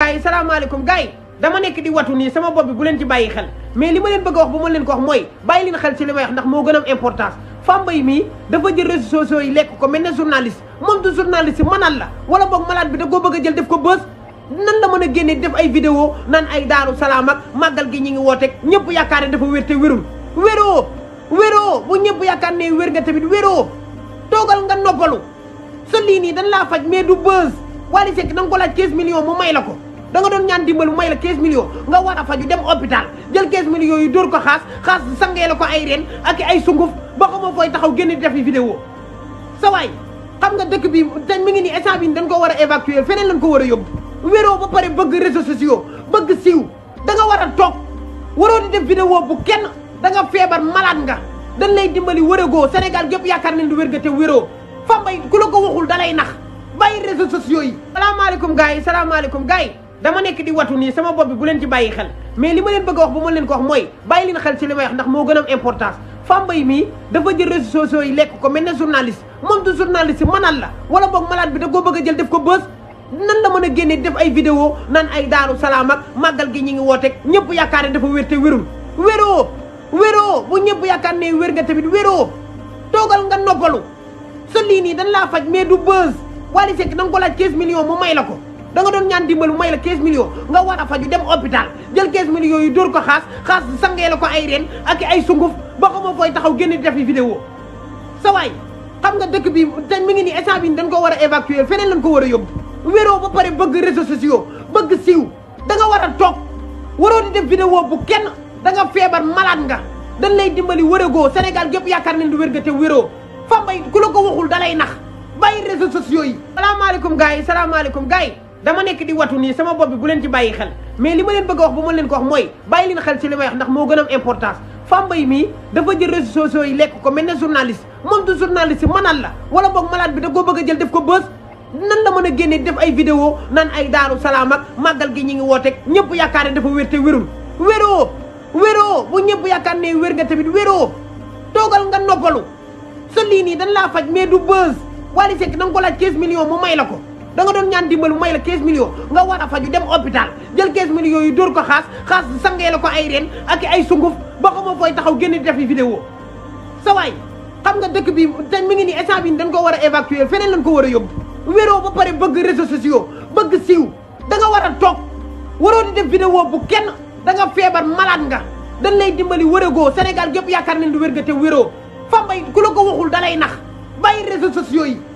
gars yi salaamaaleykum gars yi dama nekk di watu nii sama bopp bi bu leen ci bàyyi xel mais li ma leen bëgg a wax bu ma leen ko wax mooy bàyyi leen xel ci li may wax ndax moo gën a am importance mii dafa jël réseaux sociaux yi lekk ko mel ne journaliste moom du journaliste a la wala boog malade bi da koo bëgg a jël def ko bës nan la mën a génnee def ay vidéo nan ay daaru salaam ak màggal gi ñu ngi wooteeg ñëpp yaakaar ne dafa wér te wérul wéroo wéroo bu ñëpp yaakaar ne wér nga tamit wéroo toogal nga noppalu sa lii nii dañ laa faj mais du bës Wally ko laaj 15 millions mu may la ko da doon ñaan dimbal may la 15 millions nga war a faju dem hôpital jël 15 millions yu dóor ko xaas xaas sangee la ko ay reen ak ay sunguf ba xamoo fooy taxaw génn def fi vidéo sa waay xam nga dëkk bi dañ mi ngi ni instant bi dañ ko war a évacuer feneen lañ ko war a yóbbu wéroo ba pare bëgg réseaux sociaux bëgg siiw da nga war a toog waroo di def woo bu kenn da nga feebar malade nga dañ lay dimbali wërëgoo Sénégal gépp yaakaar nañ du wér ga te wéroo fa ku la ko waxul da lay nax bàyyi réseaux sociaux yi salaamaaleykum gars yi salaamaaleykum gars yi dama nekk di watu nii sama bopp bi bu leen ci bàyyi xel mais li ma leen bëgg a wax bu ma leen ko wax mooy bàyyi leen xel ci li may ndax moo gën a importance Fambaye mii dafa jël réseaux sociaux yi lekk ko mel na journaliste moom du journaliste mënal la wala boog malade bi da koo bëgg a jël def ko bës nan la mën a génnee def ay vidéo nan ay daaru salaam ak màggal gi ñu ngi wooteeg ñëpp yaakaar ne dafa wér te wérul wéroo wéroo bu ñëpp yaakaar ne wér nga tamit wéroo toogal nga noppalu sa lii nii dañ laa faj mais du bës Wally Seck ko laaj 15 millions mu may la ko da doon ñaan dimbal bu may la 15 millions nga war a faju dem hôpital jël 15 millions yu dóor ko xaas xaas sangee la ko ay reen ak ay sunguf ba xamoo fooy taxaw génn di def yi vidéo sa waay xam nga dëkk bi te mi ngi ni instant bi dañ ko war a évacuer feneen lañ ko war a yóbbu wéroo ba pare bëgg réseaux sociaux bëgg siiw da nga war a toog waroo di ne woo bu kenn da nga feebar malade nga dañ lay dimbali wërëgoo Sénégal gépp yaakaar nañ du wér nga te wéroo Fambaye ku la ko waxul dalay nax bàyyi réseaux sociaux yi salaamaaleykum gars yi salaamaaleykum gars dama nekk di watu nii sama bopp bi bu leen ci bàyyi xel mais li ma leen bëgg a wax bu ma leen ko wax mooy bàyyi leen xel ci li may wax ndax moo gën a am importance Fambaye mii dafa jël réseaux sociaux yi lekk ko mel ne journaliste moom du journaliste manal la wala boog malade bi da koo bëgg a jël def ko bës nan la mën a génne def ay vidéo nan ay daaru salaam ak màggal gi ñu ngi wooteeg ñëpp yaakaar ne dafa wér te wérul wéroo wéroo bu ñëpp yaakaar ne wér nga tamit wéroo toogal nga noppalu sa lii nii dañ laa faj mais du bës Wally Seck ko laaj 15 millions mu may la ko da doon ñaan dimbal mu may la 15 millions nga war a faju dem hôpital jël 15 millions yu dóor ko xaas xaas sangee ko ay reen ak ay sunguf ba ko moo fooy taxaw génn di def vidéo sa waay xam nga dëkk bi te mi ngi ni instant dañ ko war a évacuer feneen lañ ko war a yóbbu wéroo ba pare bëgg réseaux sociaux bëgg siiw da nga war a toog waroo di def woo bu kenn da nga feebar malade nga dañ lay dimbali wërëgoo Sénégal gépp yaakaar nañ du wér ga te wéroo Fambaye ku la ko waxul da lay nax bàyyi réseaux sociaux yi